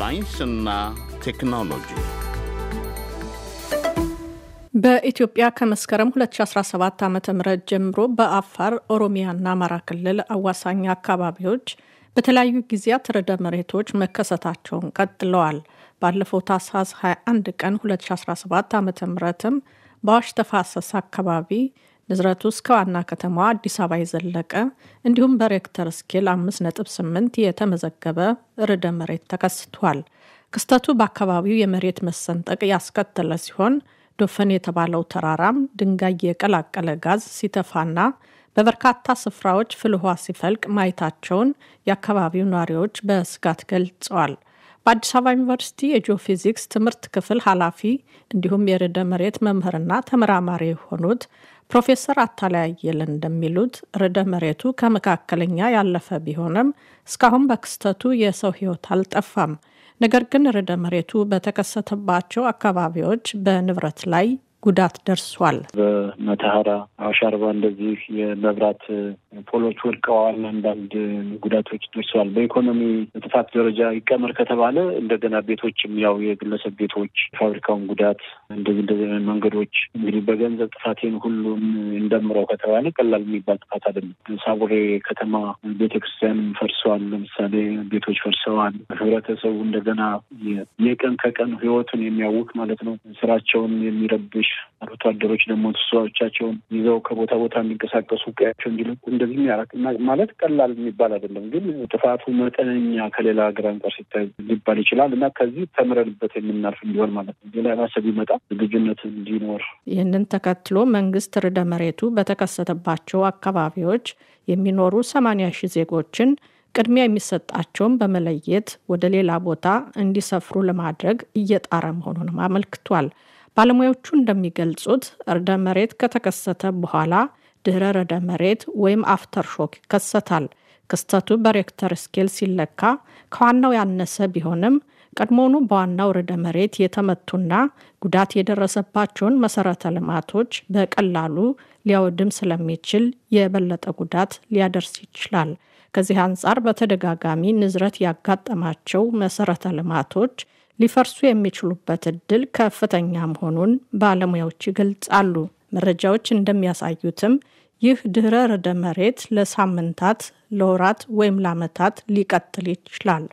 ሳይንስና ቴክኖሎጂ በኢትዮጵያ ከመስከረም 2017 ዓ ም ጀምሮ በአፋር ኦሮሚያና አማራ ክልል አዋሳኝ አካባቢዎች በተለያዩ ጊዜያት ርዕደ መሬቶች መከሰታቸውን ቀጥለዋል። ባለፈው ታህሳስ 21 ቀን 2017 ዓ ምም በአዋሽ ተፋሰስ አካባቢ ንዝረቱ እስከ ዋና ከተማዋ አዲስ አበባ የዘለቀ እንዲሁም በሬክተር ስኬል 5.8 የተመዘገበ ርዕደ መሬት ተከስቷል። ክስተቱ በአካባቢው የመሬት መሰንጠቅ ያስከተለ ሲሆን ዶፈን የተባለው ተራራም ድንጋይ የቀላቀለ ጋዝ ሲተፋና በበርካታ ስፍራዎች ፍልውሃ ሲፈልቅ ማየታቸውን የአካባቢው ነዋሪዎች በስጋት ገልጸዋል። በአዲስ አበባ ዩኒቨርሲቲ የጂኦፊዚክስ ትምህርት ክፍል ኃላፊ እንዲሁም የርዕደ መሬት መምህርና ተመራማሪ የሆኑት ፕሮፌሰር አታላያየል እንደሚሉት ርዕደ መሬቱ ከመካከለኛ ያለፈ ቢሆንም እስካሁን በክስተቱ የሰው ሕይወት አልጠፋም። ነገር ግን ርዕደ መሬቱ በተከሰተባቸው አካባቢዎች በንብረት ላይ ጉዳት ደርሷል። በመተሃራ አሻርባ እንደዚህ የመብራት ፖሎች ወድቀዋል። አንዳንድ ጉዳቶች ደርሰዋል። በኢኮኖሚ ጥፋት ደረጃ ይቀመር ከተባለ እንደገና ቤቶችም ያው የግለሰብ ቤቶች፣ ፋብሪካውን ጉዳት እንደዚህ እንደዚህ መንገዶች እንግዲህ በገንዘብ ጥፋቴን ሁሉም እንደምረው ከተባለ ቀላል የሚባል ጥፋት አይደለም። ሳቡሬ ከተማ ቤተክርስቲያንም ፈርሰዋል። ለምሳሌ ቤቶች ፈርሰዋል። ህብረተሰቡ እንደገና የቀን ከቀን ህይወቱን የሚያውቅ ማለት ነው ስራቸውን የሚረብሽ አርብቶ አደሮች ደግሞ እንስሳዎቻቸውን ይዘው ከቦታ ቦታ እንዲንቀሳቀሱ ቀያቸው እንዲለቁ እንደዚህ ያራቅ ማለት ቀላል የሚባል አይደለም። ግን ጥፋቱ መጠነኛ ከሌላ ሀገር አንጻር ሲታይ ሊባል ይችላል እና ከዚህ ተምረንበት የምናልፍ እንዲሆን ማለት ነው። ሌላ ማሰብ ይመጣ ዝግጁነት እንዲኖር ይህንን ተከትሎ መንግስት ርዕደ መሬቱ በተከሰተባቸው አካባቢዎች የሚኖሩ ሰማንያ ሺህ ዜጎችን ቅድሚያ የሚሰጣቸውን በመለየት ወደ ሌላ ቦታ እንዲሰፍሩ ለማድረግ እየጣረ መሆኑንም አመልክቷል። ባለሙያዎቹ እንደሚገልጹት እርደ መሬት ከተከሰተ በኋላ ድህረ ረደ መሬት ወይም አፍተር ሾክ ይከሰታል። ክስተቱ በሬክተር ስኬል ሲለካ ከዋናው ያነሰ ቢሆንም ቀድሞውኑ በዋናው ርዕደ መሬት የተመቱና ጉዳት የደረሰባቸውን መሰረተ ልማቶች በቀላሉ ሊያወድም ስለሚችል የበለጠ ጉዳት ሊያደርስ ይችላል። ከዚህ አንጻር በተደጋጋሚ ንዝረት ያጋጠማቸው መሰረተ ልማቶች ሊፈርሱ የሚችሉበት እድል ከፍተኛ መሆኑን ባለሙያዎች ይገልጻሉ። መረጃዎች እንደሚያሳዩትም ይህ ድህረ ርዕደ መሬት ለሳምንታት፣ ለወራት ወይም ለዓመታት ሊቀጥል ይችላል።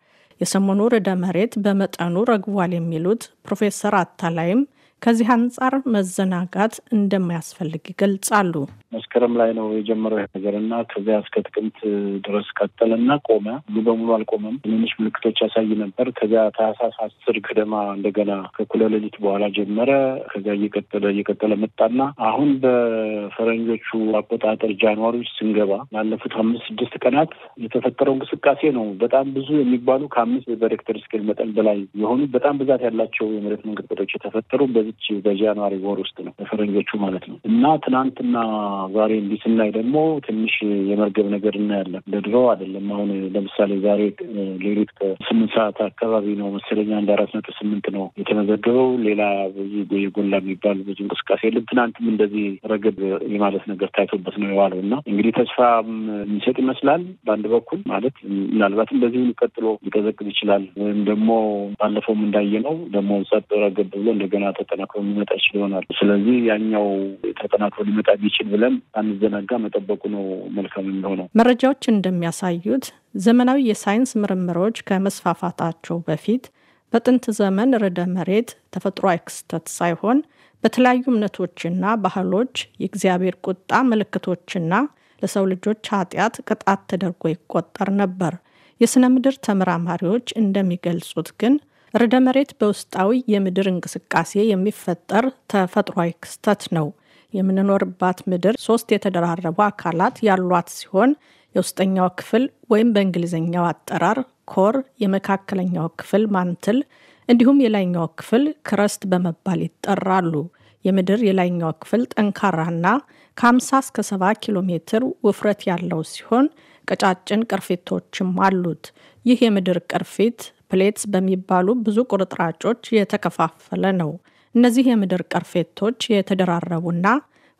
የሰሞኑ ርዕደ መሬት በመጠኑ ረግቧል የሚሉት ፕሮፌሰር አታላይም ከዚህ አንጻር መዘናጋት እንደማያስፈልግ ይገልጻሉ። መስከረም ላይ ነው የጀመረው ነገር እና ከዚያ እስከ ጥቅምት ድረስ ቀጠለና ቆመ። ሙሉ በሙሉ አልቆመም። ትንንሽ ምልክቶች ያሳይ ነበር። ከዚያ ታህሳስ አስር ገደማ እንደገና ከእኩለ ሌሊት በኋላ ጀመረ። ከዚያ እየቀጠለ እየቀጠለ መጣና አሁን በፈረንጆቹ አቆጣጠር ጃንዋሪ ውስጥ ስንገባ ላለፉት አምስት ስድስት ቀናት የተፈጠረው እንቅስቃሴ ነው። በጣም ብዙ የሚባሉ ከአምስት በሬክተር ስኬል መጠን በላይ የሆኑ በጣም ብዛት ያላቸው የመሬት መንቀጥቀጦች የተፈጠሩ በዚች በጃንዋሪ ወር ውስጥ ነው በፈረንጆቹ ማለት ነው። እና ትናንትና ዛሬ እንዲህ ስናይ ደግሞ ትንሽ የመርገብ ነገር እናያለን። ለድሮ አይደለም። አሁን ለምሳሌ ዛሬ ሌሊት ከስምንት ሰዓት አካባቢ ነው መሰለኛ አንድ አራት ነጥብ ስምንት ነው የተመዘገበው። ሌላ ብዙ የጎላ የሚባል ብዙ እንቅስቃሴ የለም። ትናንትም እንደዚህ ረገብ የማለት ነገር ታይቶበት ነው የዋለው እና እንግዲህ ተስፋ የሚሰጥ ይመስላል በአንድ በኩል ማለት ምናልባትም በዚሁ ቀጥሎ ሊቀዘቅዝ ይችላል ወይም ደግሞ ባለፈውም እንዳየ ነው ደግሞ ጸጥ ረገብ ብሎ እንደገና ተጠ ተጠናክሮ ሊመጣ ይችል ይሆናል። ስለዚህ ያኛው ተጠናክሮ ሊመጣ ቢችል ብለን አንዘናጋ መጠበቁ ነው መልካም የሚሆነው። መረጃዎች እንደሚያሳዩት ዘመናዊ የሳይንስ ምርምሮች ከመስፋፋታቸው በፊት በጥንት ዘመን ርዕደ መሬት ተፈጥሯዊ ክስተት ሳይሆን በተለያዩ እምነቶችና ባህሎች የእግዚአብሔር ቁጣ ምልክቶችና ለሰው ልጆች ኃጢአት ቅጣት ተደርጎ ይቆጠር ነበር። የሥነ ምድር ተመራማሪዎች እንደሚገልጹት ግን ርዕደ መሬት በውስጣዊ የምድር እንቅስቃሴ የሚፈጠር ተፈጥሯዊ ክስተት ነው። የምንኖርባት ምድር ሶስት የተደራረቡ አካላት ያሏት ሲሆን የውስጠኛው ክፍል ወይም በእንግሊዝኛው አጠራር ኮር፣ የመካከለኛው ክፍል ማንትል፣ እንዲሁም የላይኛው ክፍል ክረስት በመባል ይጠራሉ። የምድር የላይኛው ክፍል ጠንካራና ከ50 እስከ 70 ኪሎ ሜትር ውፍረት ያለው ሲሆን ቀጫጭን ቅርፊቶችም አሉት። ይህ የምድር ቅርፊት ፕሌትስ በሚባሉ ብዙ ቁርጥራጮች የተከፋፈለ ነው። እነዚህ የምድር ቀርፌቶች የተደራረቡና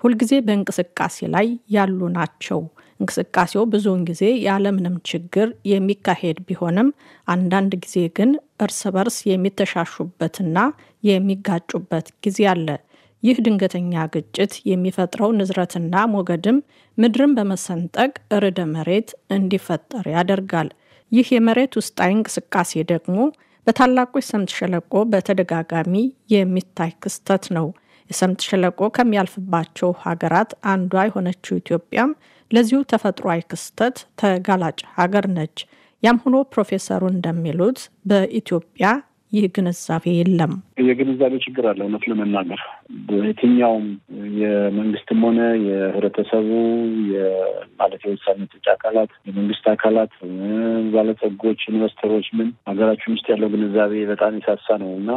ሁልጊዜ በእንቅስቃሴ ላይ ያሉ ናቸው። እንቅስቃሴው ብዙውን ጊዜ ያለምንም ችግር የሚካሄድ ቢሆንም አንዳንድ ጊዜ ግን እርስ በርስ የሚተሻሹበትና የሚጋጩበት ጊዜ አለ። ይህ ድንገተኛ ግጭት የሚፈጥረው ንዝረትና ሞገድም ምድርን በመሰንጠቅ ርዕደ መሬት እንዲፈጠር ያደርጋል። ይህ የመሬት ውስጣዊ እንቅስቃሴ ደግሞ በታላቁ የሰምጥ ሸለቆ በተደጋጋሚ የሚታይ ክስተት ነው። የሰምጥ ሸለቆ ከሚያልፍባቸው ሀገራት አንዷ የሆነችው ኢትዮጵያም ለዚሁ ተፈጥሯዊ ክስተት ተጋላጭ ሀገር ነች። ያም ሆኖ ፕሮፌሰሩ እንደሚሉት በኢትዮጵያ ይህ ግንዛቤ የለም። የግንዛቤ ችግር አለ እውነት ለመናገር በየትኛውም የመንግስትም ሆነ የህብረተሰቡ ማለት የውሳኔ ሰጪ አካላት፣ የመንግስት አካላት፣ ባለጸጎች፣ ኢንቨስተሮች ምን ሀገራችን ውስጥ ያለው ግንዛቤ በጣም የሳሳ ነው እና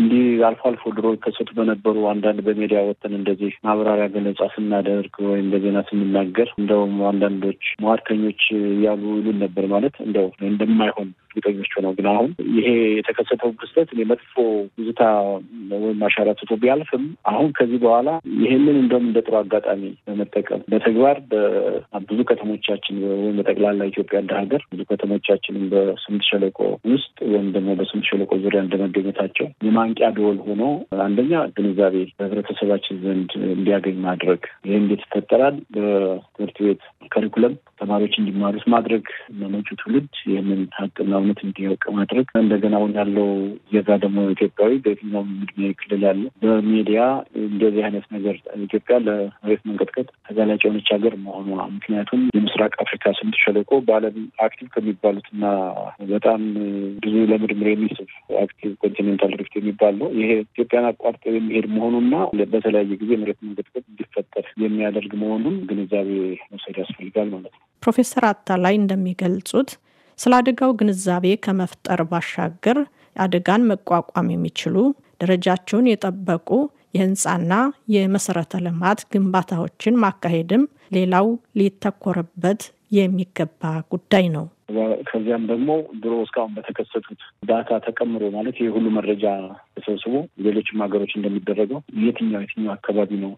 እንዲህ አልፎ አልፎ ድሮ ይከሰቱ በነበሩ አንዳንድ በሚዲያ ወጥተን እንደዚህ ማብራሪያ ገለጻ ስናደርግ ወይም በዜና ስንናገር እንደውም አንዳንዶች መዋድተኞች እያሉ ይሉን ነበር ማለት እንደው እንደማይሆን እርግጠኞች ሆነው ግን አሁን ይሄ የተከሰተው ክስተት መጥፎ ዝታ ወይም አሻራ ትቶ ቢያልፍም አሁን ከዚህ በኋላ ይህንን እንደውም እንደ ጥሩ አጋጣሚ በመጠቀም በተግባር ብዙ ከተሞቻችን ወይም በጠቅላላ ኢትዮጵያ እንደ ሀገር ብዙ ከተሞቻችንም በስምጥ ሸለቆ ውስጥ ወይም ደግሞ በስምጥ ሸለቆ ዙሪያ እንደመገኘታቸው የማንቂያ ደወል ሆኖ አንደኛ ግንዛቤ በህብረተሰባችን ዘንድ እንዲያገኝ ማድረግ ይህ እንዴት ይፈጠራል? በትምህርት ቤት ከሪኩለም ተማሪዎች እንዲማሩት ማድረግ መመጩ ትውልድ ይህንን ሀቅና እውነት እንዲያውቅ ማድረግ እንደገና አሁን ያለው የዛ ደግሞ ኢትዮጵያዊ በየትኛውም ዕድሜ ክልል ያለ በሚዲያ እንደዚህ አይነት ነገር ኢትዮጵያ ለመሬት መንቀጥቀጥ ተጋላጭ የሆነች ሀገር መሆኗ ምክንያቱም የምስራቅ አፍሪካ ስምጥ ሸለቆ በዓለም አክቲቭ ከሚባሉት እና በጣም ብዙ ለምርምር የሚስብ አክቲቭ ኮንቲኔንታል ሪፍት የሚባል ነው። ይሄ ኢትዮጵያን አቋርጦ የሚሄድ መሆኑና በተለያየ ጊዜ መሬት መንቀጥቀጥ እንዲፈጠር የሚያደርግ መሆኑን ግንዛቤ መውሰድ ያስፈልጋል ማለት ነው። ፕሮፌሰር አታላይ እንደሚገልጹት ስለ አደጋው ግንዛቤ ከመፍጠር ባሻገር አደጋን መቋቋም የሚችሉ ደረጃቸውን የጠበቁ የህንፃና የመሰረተ ልማት ግንባታዎችን ማካሄድም ሌላው ሊተኮርበት የሚገባ ጉዳይ ነው። ከዚያም ደግሞ ድሮ እስካሁን በተከሰቱት ዳታ ተቀምሮ ማለት የሁሉ መረጃ ተሰብስቦ ሌሎችም ሀገሮች እንደሚደረገው የትኛው የትኛው አካባቢ ነው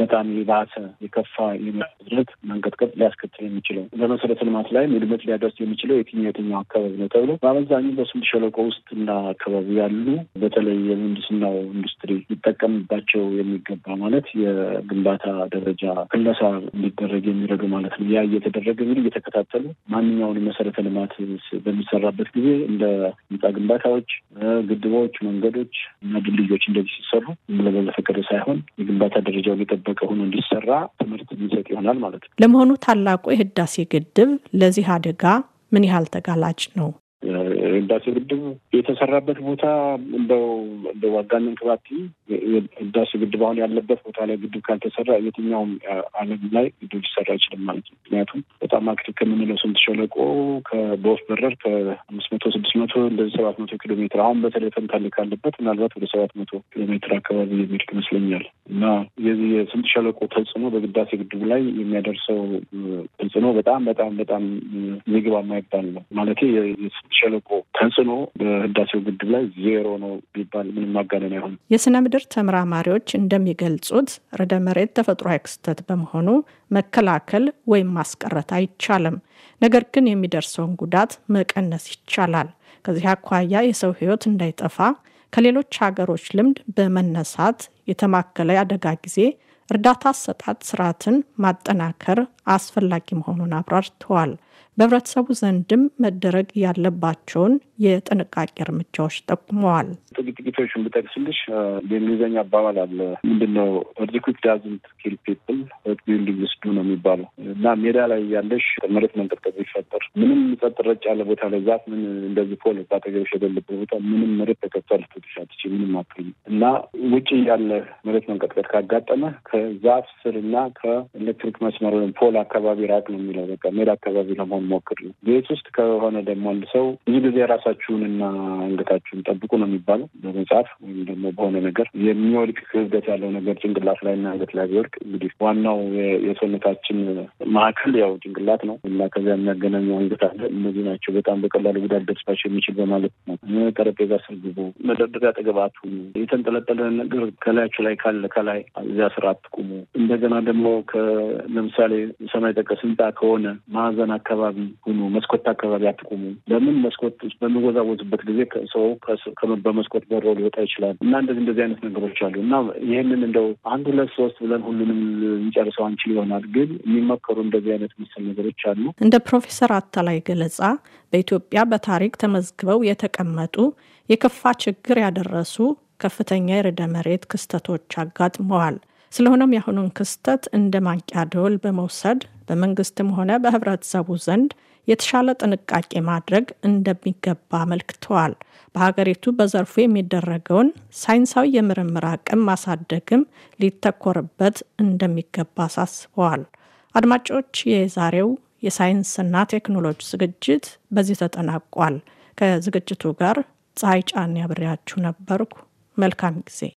በጣም የባሰ የከፋ የመድረት መንቀጥቀጥ ሊያስከትል የሚችለው በመሰረተ ልማት ላይ ውድመት ሊያደርስ የሚችለው የትኛው የትኛው አካባቢ ነው ተብሎ በአብዛኛው በስምጥ ሸለቆ ውስጥ እና አካባቢ ያሉ በተለይ የምህንድስናው ኢንዱስትሪ ሊጠቀምባቸው የሚገባ ማለት የግንባታ ደረጃ ክለሳ እንዲደረግ የሚረዱ ማለት ነው። ያ እየተደረገ እንግዲህ እየተከታተሉ ማንኛውን መሰረተ ልማት በሚሰራበት ጊዜ እንደ ህንፃ ግንባታዎች፣ ግድቦች፣ መንገድ መንገዶች እና ድልድዮች እንደዚህ ሲሰሩ ለዘፈቀደ ሳይሆን የግንባታ ደረጃውን የጠበቀ ሆኖ እንዲሰራ ትምህርት የሚሰጥ ይሆናል ማለት ነው። ለመሆኑ ታላቁ የህዳሴ ግድብ ለዚህ አደጋ ምን ያህል ተጋላጭ ነው? ህዳሴ ግድብ የተሰራበት ቦታ እንደው እንደ ዋጋነን ክባቲ ህዳሴ ግድብ አሁን ያለበት ቦታ ላይ ግድብ ካልተሰራ የትኛውም ዓለም ላይ ግድብ ሊሰራ አይችልም ማለት ነው። ምክንያቱም በጣም አክት ከምንለው ስምጥ ሸለቆ በወፍ በረር ከአምስት መቶ ስድስት መቶ እንደዚህ ሰባት መቶ ኪሎ ሜትር አሁን በተለይ ተንታሌ ካለበት ምናልባት ወደ ሰባት መቶ ኪሎ ሜትር አካባቢ የሚልቅ ይመስለኛል እና የዚህ የስምጥ ሸለቆ ተጽዕኖ በግዳሴ ግድቡ ላይ የሚያደርሰው ተጽዕኖ በጣም በጣም በጣም ምግብ የማይባል ነው ማለት የስምጥ ሸለቆ ተጽዕኖ በህዳሴው ግድብ ላይ ዜሮ ነው ቢባል ምንም ማጋነን አይሆን። የስነ ምድር ተመራማሪዎች እንደሚገልጹት ርዕደ መሬት ተፈጥሯዊ ክስተት በመሆኑ መከላከል ወይም ማስቀረት አይቻልም። ነገር ግን የሚደርሰውን ጉዳት መቀነስ ይቻላል። ከዚህ አኳያ የሰው ህይወት እንዳይጠፋ ከሌሎች ሀገሮች ልምድ በመነሳት የተማከለ አደጋ ጊዜ እርዳታ አሰጣጥ ስርዓትን ማጠናከር አስፈላጊ መሆኑን አብራርተዋል። በህብረተሰቡ ዘንድም መደረግ ያለባቸውን የጥንቃቄ እርምጃዎች ጠቁመዋል። ጥቂት ጥቂቶቹን ብጠቅስልሽ የእንግሊዝኛ አባባል አለ ምንድነው ርዚኩት ዳዝንት ኪል ፒፕል ቢልዲንግ ስዱ ነው የሚባለው እና ሜዳ ላይ ያለሽ መሬት መንቀጥቀጥ ቢፈጠር ምንም ጸጥ ረጭ ያለ ቦታ ላይ ዛፍ ምን እንደዚህ ፖል ባጠገብሽ የሌለበት ቦታ ምንም መሬት ተቀብቷል ልትወጪ ምንም አትሆኝ እና ውጭ ያለ መሬት መንቀጥቀጥ ካጋጠመ ከዛፍ ስር እና ከኤሌክትሪክ መስመር ወይም ፖል ከመሀል አካባቢ ራቅ ነው የሚለው በቃ ሜዳ አካባቢ ለመሆን ሞክር ነው። ቤት ውስጥ ከሆነ ደግሞ አንድ ሰው ብዙ ጊዜ ራሳችሁን እና አንገታችሁን ጠብቁ ነው የሚባለው በመጽሐፍ ወይም ደግሞ በሆነ ነገር የሚወድቅ ክብደት ያለው ነገር ጭንቅላት ላይ አንገት ላይ ቢወድቅ እንግዲህ ዋናው የሰውነታችን ማዕከል ያው ጭንቅላት ነው እና ከዚያ የሚያገናኘው አንገት አለ። እነዚህ ናቸው በጣም በቀላሉ ጉዳት ደርስባቸው የሚችል በማለት ነው። ጠረጴዛ ስር ግቡ፣ መደርደሪያ አጠገብ የተንጠለጠለ ነገር ከላያችሁ ላይ ካለ ከላይ እዚያ ስራ አትቁሙ። እንደገና ደግሞ ለምሳሌ ሰማይ ጠቀስ ህንጻ ከሆነ ማዕዘን አካባቢ ሁኑ፣ መስኮት አካባቢ አትቁሙ። ለምን መስኮት በሚወዛወዙበት ጊዜ ሰው በመስኮት በሮ ሊወጣ ይችላል እና እንደዚህ እንደዚህ አይነት ነገሮች አሉ እና ይህንን እንደው አንድ ሁለት ሶስት ብለን ሁሉንም እንጨርሰው አንችል ይሆናል፣ ግን የሚመከሩ እንደዚህ አይነት መሰል ነገሮች አሉ። እንደ ፕሮፌሰር አታላይ ገለጻ በኢትዮጵያ በታሪክ ተመዝግበው የተቀመጡ የከፋ ችግር ያደረሱ ከፍተኛ የርዕደ መሬት ክስተቶች አጋጥመዋል። ስለሆነም የአሁኑን ክስተት እንደ ማንቂያ ደወል በመውሰድ በመንግስትም ሆነ በህብረተሰቡ ዘንድ የተሻለ ጥንቃቄ ማድረግ እንደሚገባ አመልክተዋል። በሀገሪቱ በዘርፉ የሚደረገውን ሳይንሳዊ የምርምር አቅም ማሳደግም ሊተኮርበት እንደሚገባ አሳስበዋል። አድማጮች፣ የዛሬው የሳይንስና ቴክኖሎጂ ዝግጅት በዚህ ተጠናቋል። ከዝግጅቱ ጋር ፀሐይ ጫን ያብሬያችሁ ነበርኩ። መልካም ጊዜ